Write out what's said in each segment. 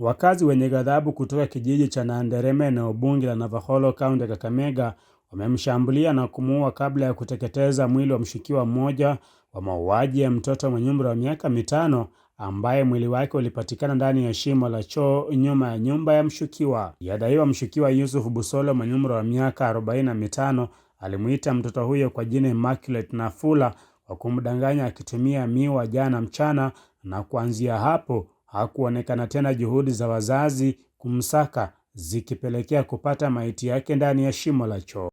Wakazi wenye ghadhabu kutoka kijiji cha nandereme eneo bunge la Navaholo kaunti ya Kakamega wamemshambulia na kumuua kabla ya kuteketeza mwili wa mshukiwa mmoja wa mauaji ya mtoto mwenye umri wa miaka mitano ambaye mwili wake ulipatikana ndani ya shimo la choo nyuma ya nyumba ya mshukiwa. Yadaiwa mshukiwa Yusuf Busolo mwenye umri wa miaka arobaini na mitano alimuita mtoto huyo kwa jina Immaculate Nafula kwa kumdanganya akitumia miwa jana mchana, na kuanzia hapo Hakuonekana tena juhudi za wazazi kumsaka zikipelekea kupata maiti yake ndani ya shimo la choo.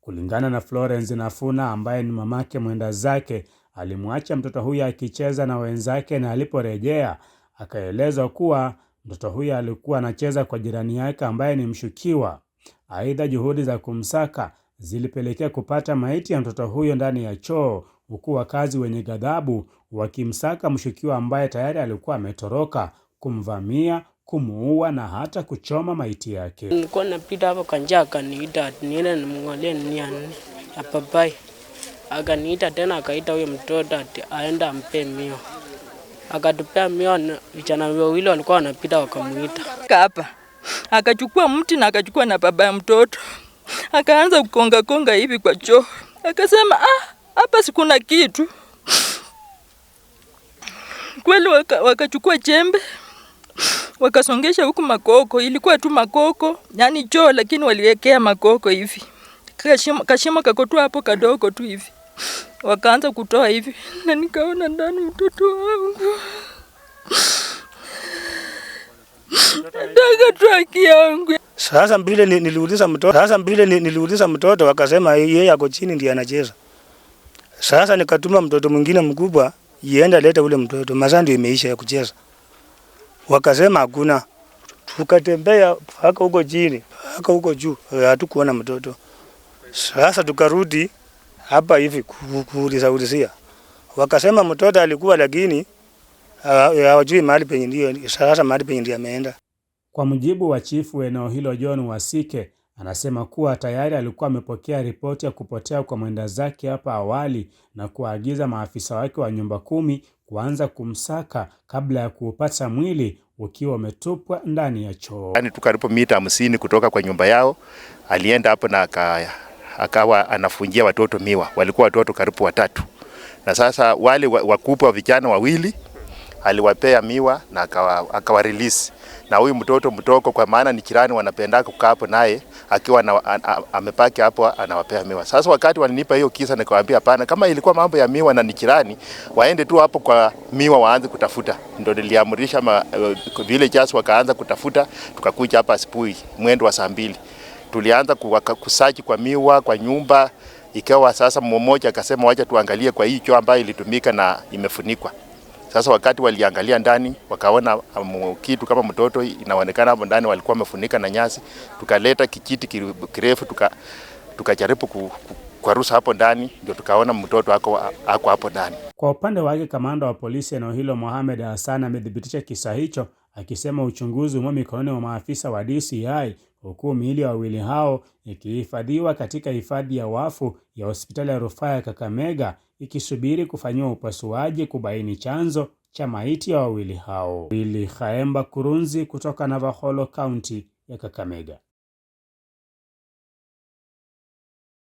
Kulingana na Florence Nafuna ambaye ni mamake mwenda zake, alimwacha mtoto huyo akicheza na wenzake na aliporejea akaelezwa kuwa mtoto huyo alikuwa anacheza kwa jirani yake ambaye ni mshukiwa. Aidha, juhudi za kumsaka zilipelekea kupata maiti ya mtoto huyo ndani ya choo huku wakazi wenye ghadhabu wakimsaka mshukiwa ambaye tayari alikuwa ametoroka, kumvamia, kumuua na hata kuchoma maiti yake. Nilikuwa napita hapo kanja, akaniita niende ya papai, akaniita tena, akaita huyo mtoto ati aenda ampe mio, akatupea mio. Vijana wawili walikuwa wanapita hapa, akachukua mti na akachukua na baba ya mtoto, akaanza kukongakonga hivi kwa choo, akasema ah hapa sikuna kitu kweli. Wakachukua waka chembe wakasongesha huku makoko, ilikuwa tu makoko yani choo, lakini waliwekea makoko hivi kashima, kashima kakotua hapo kadogo tu hivi, wakaanza kutoa hivi, na nikaona ndani mtoto wangu ndaga traki yangu. Sasa mbile niliuliza mtoto, sasa mbile niliuliza mtoto, wakasema yeye ako chini ndiye anacheza. Sasa nikatuma mtoto mwingine mkubwa, yenda leta ule mtoto, masaa ndio imeisha ya kucheza. Wakasema hakuna. Tukatembea mpaka huko chini, mpaka huko juu, eh, hatukuona mtoto. Sasa tukarudi hapa hivi kuuliza. Wakasema mtoto alikuwa, lakini ah, eh, hawajui mahali penye ndio, sasa mahali penye ndio ameenda. Kwa mujibu wa chifu eneo hilo John Wasike Anasema kuwa tayari alikuwa amepokea ripoti ya kupotea kwa mwenda zake hapa awali na kuwaagiza maafisa wake wa nyumba kumi kuanza kumsaka kabla ya kuupata mwili ukiwa umetupwa ndani ya choo. Yaani tuko karibu mita hamsini kutoka kwa nyumba yao, alienda hapo na akaya akawa anafungia watoto miwa. Walikuwa watoto karibu watatu, na sasa wale wakubwa vijana wawili aliwapea miwa na akawa, akawa release na huyu mtoto mtoko, kwa maana ni jirani, wanapenda kukaa hapo naye akiwa na, amepaki hapo anawapea miwa. Sasa wakati walinipa hiyo kisa, nikawaambia hapana, kama ilikuwa mambo ya miwa na ni jirani, waende tu hapo kwa miwa waanze kutafuta. Ndio niliamrisha eh, vile jasi, wakaanza kutafuta, tukakuja hapa asubuhi mwendo wa saa mbili tulianza kusaji kwa miwa kwa nyumba, ikawa sasa mmoja akasema wacha tuangalie kwa hicho ambayo ilitumika na imefunikwa. Sasa wakati waliangalia ndani wakaona um, kitu kama mtoto inaonekana hapo ndani, walikuwa wamefunika na nyasi. Tukaleta kijiti kirefu tuka tukajaribu ku, ku, kuarusa hapo ndani, ndio tukaona mtoto ako, ako hapo ndani. Kwa upande wake kamanda wa polisi eneo hilo Mohamed Hassan amethibitisha kisa hicho akisema uchunguzi umo mikononi mwa maafisa wa DCI huku miili ya wawili hao ikihifadhiwa katika hifadhi ya wafu ya hospitali ya rufaa ya Kakamega ikisubiri kufanyiwa upasuaji kubaini chanzo cha maiti ya wawili hao. Billy Khaemba Kurunzi kutoka Navaholo kaunti ya Kakamega.